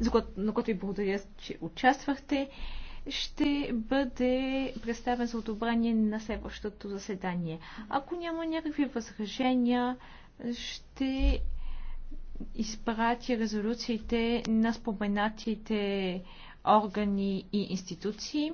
за което, на което ви благодаря, че участвахте, ще бъде представен за одобрение на следващото заседание. Ако няма някакви възражения, ще изпрати резолюциите на споменатите органи и институции.